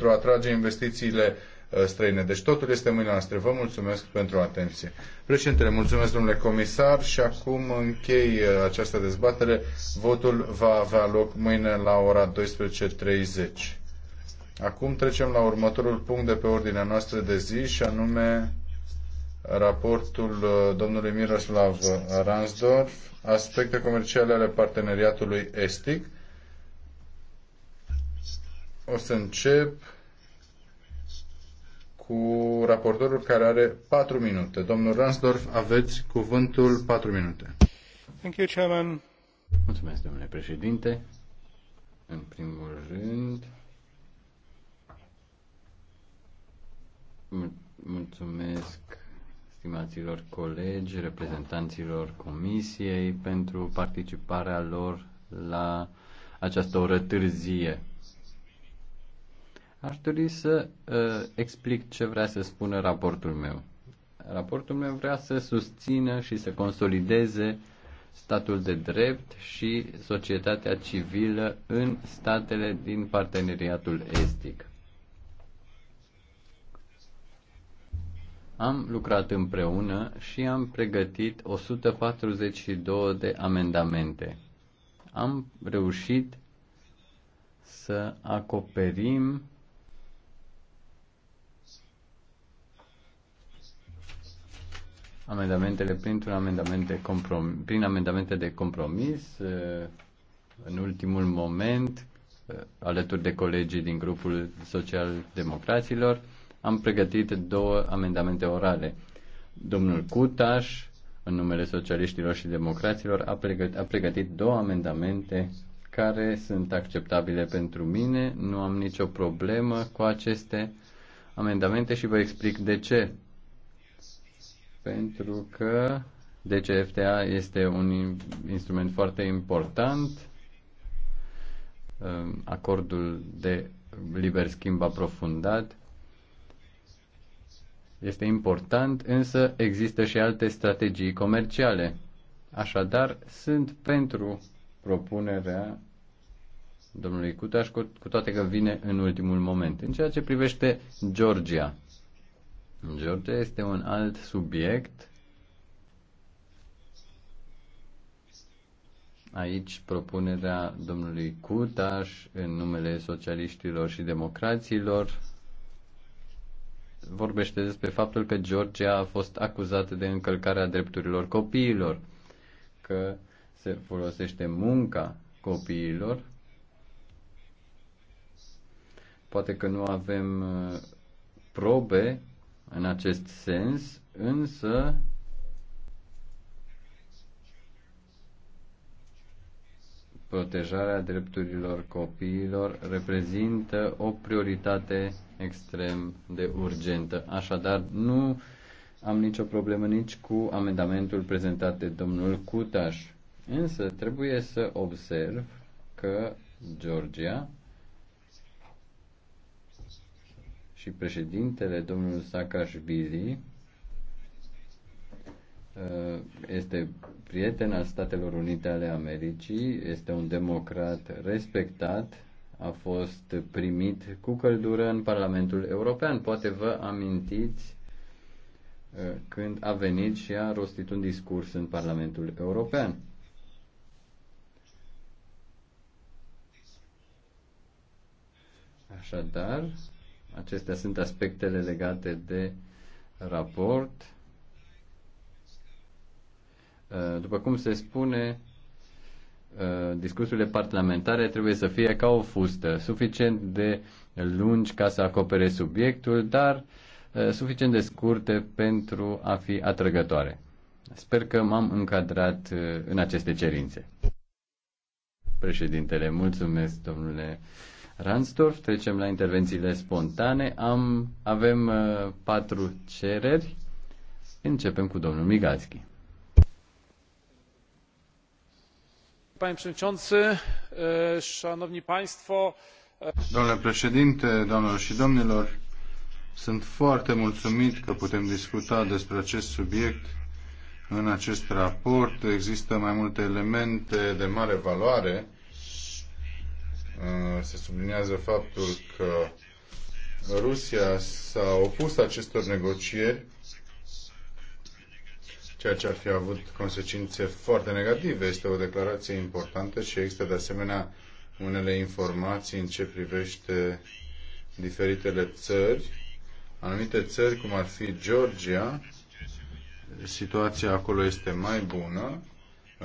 pentru a atrage investițiile uh, străine. Deci totul este în mâinile noastre. Vă mulțumesc pentru atenție. Președintele, mulțumesc domnule comisar și acum închei uh, această dezbatere. Votul va avea loc mâine la ora 12.30. Acum trecem la următorul punct de pe ordinea noastră de zi și anume raportul uh, domnului Miroslav Ransdorf, aspecte comerciale ale parteneriatului estic. O să încep cu raportorul care are 4 minute. Domnul Ransdorf, aveți cuvântul 4 minute. Thank you, Chairman. Mulțumesc, domnule președinte. În primul rând, mulțumesc stimaților colegi, reprezentanților comisiei pentru participarea lor la această oră târzie. Aș dori să uh, explic ce vrea să spună raportul meu. Raportul meu vrea să susțină și să consolideze statul de drept și societatea civilă în statele din parteneriatul estic. Am lucrat împreună și am pregătit 142 de amendamente. Am reușit să acoperim amendamentele printr-un amendament de compromis, prin amendamente de compromis uh, în ultimul moment uh, alături de colegii din grupul social-democraților am pregătit două amendamente orale. Domnul Cutaș, în numele socialiștilor și democraților, a pregătit, a pregătit două amendamente care sunt acceptabile pentru mine. Nu am nicio problemă cu aceste amendamente și vă explic de ce pentru că DCFTA este un instrument foarte important. Ehm, acordul de liber schimb aprofundat este important, însă există și alte strategii comerciale. Așadar, sunt pentru propunerea domnului Cutaș, cu toate că vine în ultimul moment. În ceea ce privește Georgia, George este un alt subiect. Aici propunerea domnului Cutaș în numele socialiștilor și democraților vorbește despre faptul că Georgia a fost acuzată de încălcarea drepturilor copiilor, că se folosește munca copiilor. Poate că nu avem uh, probe în acest sens, însă protejarea drepturilor copiilor reprezintă o prioritate extrem de urgentă. Așadar, nu am nicio problemă nici cu amendamentul prezentat de domnul Cutaș. Însă trebuie să observ că Georgia și președintele, domnul Saakashvili, uh, este prieten al Statelor Unite ale Americii, este un democrat respectat, a fost primit cu căldură în Parlamentul European. Poate vă amintiți uh, când a venit și a rostit un discurs în Parlamentul European. Așadar, Acestea sunt aspectele legate de raport. Uh, după cum se spune, uh, discursurile parlamentare trebuie să fie ca o fustă, suficient de lungi ca să acopere subiectul, dar uh, suficient de scurte pentru a fi atrăgătoare. Sper că m-am încadrat în aceste cerințe. Președintele, mulțumesc, domnule Ransdorf. Trecem la intervențiile spontane. Am, avem uh, patru cereri. Începem cu domnul Migalski. Panie Przewodniczący, Szanowni Państwo. Domnule președinte, doamnelor și domnilor, sunt foarte mulțumit că putem discuta despre acest subiect în acest raport. Există mai multe elemente de mare valoare Uh, se subliniază faptul că Rusia s-a opus acestor negocieri, ceea ce ar fi avut consecințe foarte negative. Este o declarație importantă și există de asemenea unele informații în ce privește diferitele țări. Anumite țări, cum ar fi Georgia, situația acolo este mai bună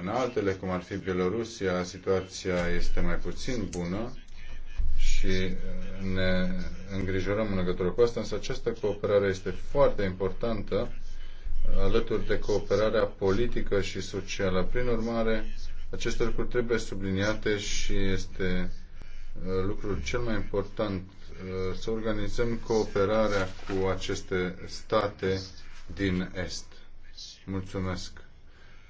în altele, cum ar fi Bielorusia, situația este mai puțin bună și uh, ne îngrijorăm în legătură cu asta, însă această cooperare este foarte importantă alături de cooperarea politică și socială. Prin urmare, aceste lucruri trebuie subliniate și este uh, lucrul cel mai important uh, să organizăm cooperarea cu aceste state din Est. Mulțumesc!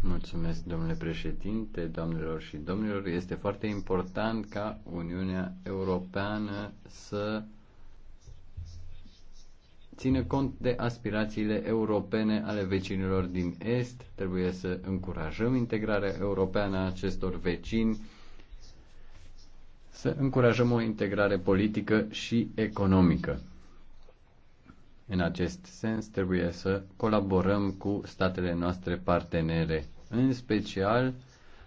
Mulțumesc, domnule președinte, doamnelor și domnilor. Este foarte important ca Uniunea Europeană să țină cont de aspirațiile europene ale vecinilor din Est. Trebuie să încurajăm integrarea europeană a acestor vecini, să încurajăm o integrare politică și economică. În acest sens, trebuie să colaborăm cu statele noastre partenere, în special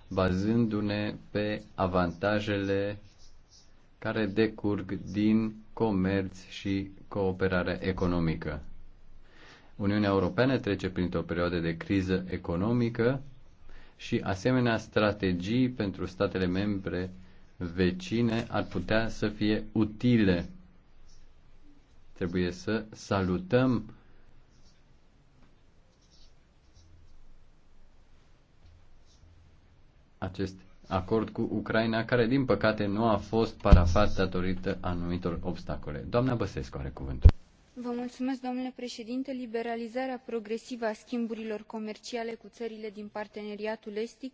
bazându-ne pe avantajele care decurg din comerț și cooperare economică. Uniunea Europeană trece printr-o perioadă de criză economică și asemenea strategii pentru statele membre vecine ar putea să fie utile Trebuie să salutăm acest acord cu Ucraina, care din păcate nu a fost parafat datorită anumitor obstacole. Doamna Băsescu are cuvântul. Vă mulțumesc, domnule președinte. Liberalizarea progresivă a schimburilor comerciale cu țările din parteneriatul estic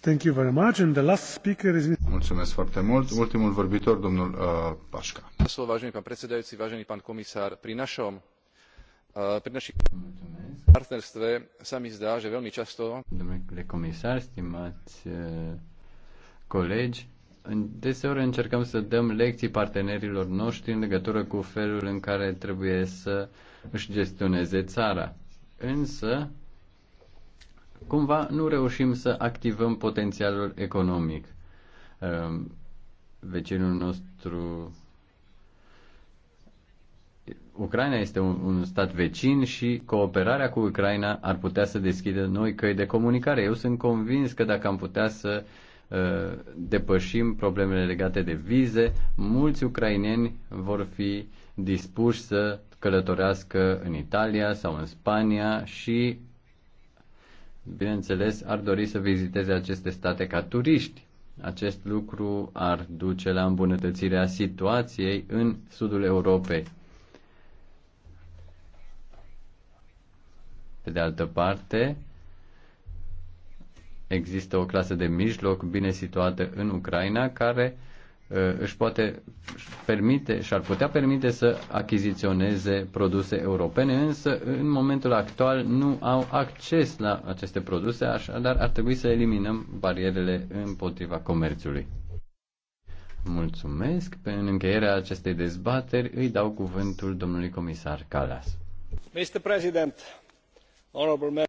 Thank you very much. And the last speaker is... Mulțumesc foarte mult. Ultimul vorbitor, domnul uh, Pașca. Vážený pán predsedajúci, vážený pán komisár, pri našom uh, pri našich partnerstve sa mi zdá, že veľmi často... Domnule comisar, stimați uh, colegi, deseori încercăm să dăm lecții partenerilor noștri în legătură cu felul în care trebuie să își gestioneze țara. Însă, cumva nu reușim să activăm potențialul economic. Ehm, vecinul nostru Ucraina este un, un stat vecin și cooperarea cu Ucraina ar putea să deschidă noi căi de comunicare. Eu sunt convins că dacă am putea să uh, depășim problemele legate de vize, mulți ucraineni vor fi dispuși să călătorească în Italia sau în Spania și bineînțeles, ar dori să viziteze aceste state ca turiști. Acest lucru ar duce la îmbunătățirea situației în sudul Europei. Pe de altă parte, există o clasă de mijloc bine situată în Ucraina care Uh, își poate permite și ar putea permite să achiziționeze produse europene, însă în momentul actual nu au acces la aceste produse, așadar ar trebui să eliminăm barierele împotriva comerțului. Mulțumesc. În încheierea acestei dezbateri îi dau cuvântul domnului comisar Calas. Mr. President, honorable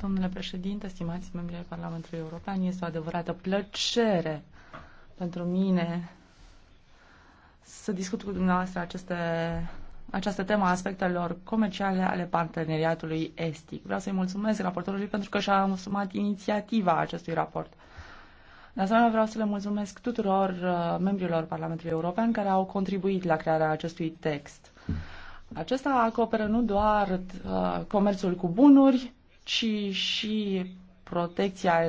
Domnule președinte, stimați membri ai Parlamentului European, este o adevărată plăcere pentru mine să discut cu dumneavoastră aceste, această temă a aspectelor comerciale ale parteneriatului estic. Vreau să-i mulțumesc raportorului pentru că și-a asumat inițiativa acestui raport. De asemenea, vreau să le mulțumesc tuturor uh, membrilor Parlamentului European care au contribuit la crearea acestui text. Acesta acoperă nu doar uh, comerțul cu bunuri, ci și protecția,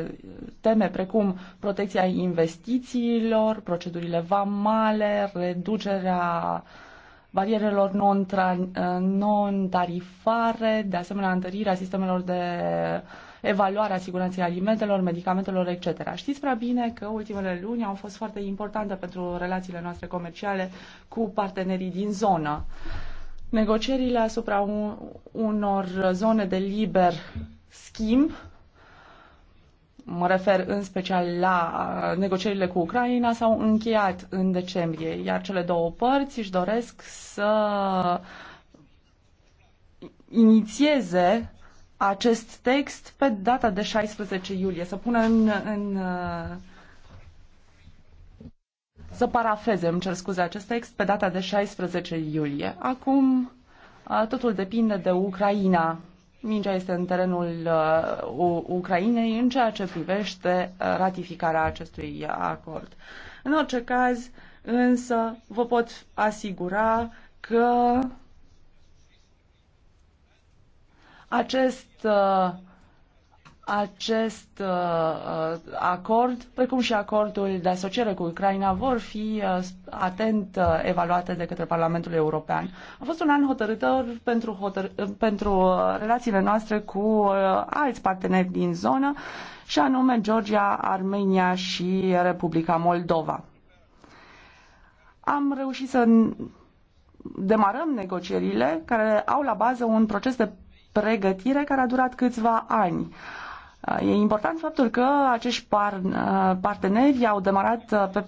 teme precum protecția investițiilor, procedurile vamale, reducerea barierelor non-tarifare, de asemenea întărirea sistemelor de evaluare a siguranței alimentelor, medicamentelor, etc. Știți prea bine că ultimele luni au fost foarte importante pentru relațiile noastre comerciale cu partenerii din zonă. Negocierile asupra unor zone de liber schimb mă refer în special la uh, negocierile cu Ucraina, s-au încheiat în decembrie, iar cele două părți își doresc să inițieze acest text pe data de 16 iulie, să pună în, în uh, să parafeze, îmi cer scuze, acest text pe data de 16 iulie. Acum uh, totul depinde de Ucraina. Mingea este în terenul uh, Ucrainei în ceea ce privește uh, ratificarea acestui acord. În orice caz, însă, vă pot asigura că acest uh, acest uh, uh, acord, precum și acordul de asociere cu Ucraina, vor fi uh, atent uh, evaluate de către Parlamentul European. A fost un an hotărător pentru, hotăr- uh, pentru uh, relațiile noastre cu uh, alți parteneri din zonă, și anume Georgia, Armenia și Republica Moldova. Am reușit să demarăm negocierile care au la bază un proces de pregătire care a durat câțiva ani. E important faptul că acești par, parteneri au demarat uh, pe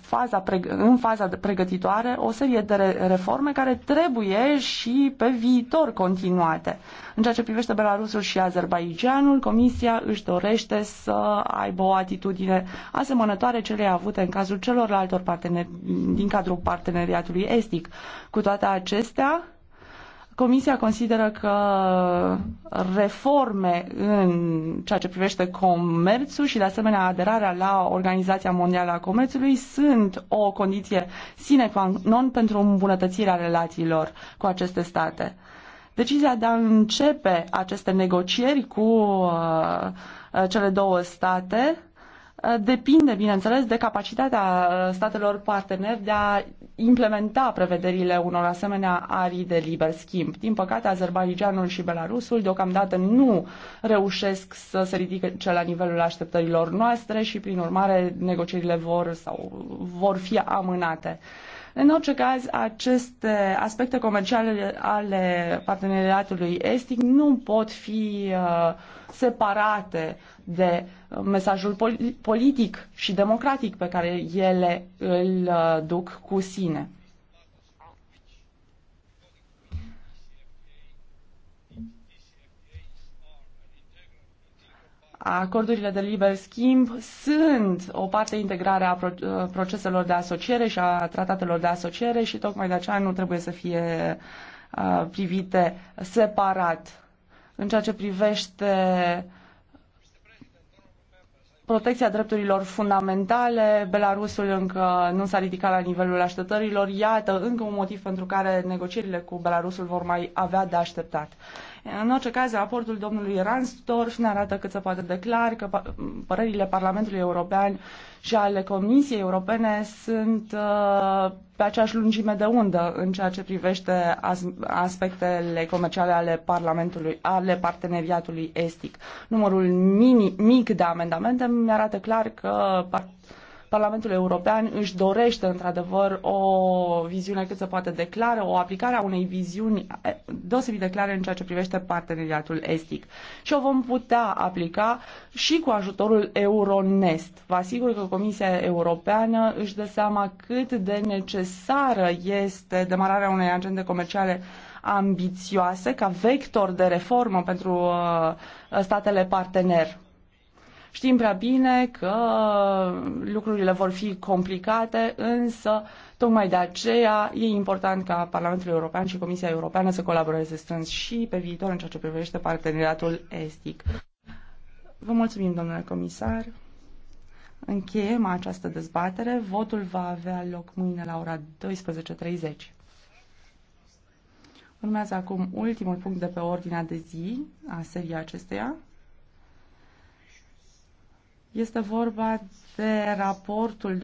faza, în faza de pregătitoare o serie de reforme care trebuie și pe viitor continuate. În ceea ce privește Belarusul și Azerbaijanul, Comisia își dorește să aibă o atitudine asemănătoare celei avute în cazul celorlalte parteneri din cadrul parteneriatului estic. Cu toate acestea, Comisia consideră că reforme în ceea ce privește comerțul și de asemenea aderarea la Organizația Mondială a Comerțului sunt o condiție sine qua non pentru îmbunătățirea relațiilor cu aceste state. Decizia de a începe aceste negocieri cu uh, cele două state depinde, bineînțeles, de capacitatea uh, statelor parteneri de a implementa prevederile unor asemenea arii de liber schimb. Din păcate, Azerbaijanul și Belarusul deocamdată nu reușesc să se ridice la nivelul așteptărilor noastre și, prin urmare, negocierile vor sau vor fi amânate. În orice caz, aceste aspecte comerciale ale parteneriatului estic nu pot fi uh, separate de uh, mesajul politic și democratic pe care ele îl uh, duc cu sine. Acordurile de liber schimb sunt o parte integrare a uh, proceselor de asociere și a tratatelor de asociere și tocmai de aceea nu trebuie să fie uh, privite separat. În ceea ce privește protecția drepturilor fundamentale, Belarusul încă nu s-a ridicat la nivelul așteptărilor. Iată, încă un motiv pentru care negocierile cu Belarusul vor mai avea de așteptat. În orice caz, raportul domnului Ransdorf ne arată cât se poate de clar că părerile Parlamentului European și ale Comisiei Europene sunt uh, pe aceeași lungime de undă în ceea ce privește aspectele comerciale ale Parlamentului, ale parteneriatului estic. Numărul mini, mic de amendamente mi arată clar că Parlamentul European își dorește într-adevăr o viziune cât se poate declară, o aplicare a unei viziuni deosebit de clare în ceea ce privește parteneriatul estic. Și o vom putea aplica și cu ajutorul Euronest. Vă asigur că Comisia Europeană își dă seama cât de necesară este demararea unei agende comerciale ambițioase ca vector de reformă pentru uh, statele partener. Știm prea bine că lucrurile vor fi complicate, însă tocmai de aceea e important ca Parlamentul European și Comisia Europeană să colaboreze strâns și pe viitor în ceea ce privește parteneriatul estic. Vă mulțumim, domnule comisar. Încheiem această dezbatere. Votul va avea loc mâine la ora 12.30. Urmează acum ultimul punct de pe ordinea de zi a seriei acesteia. Este vorba de raportul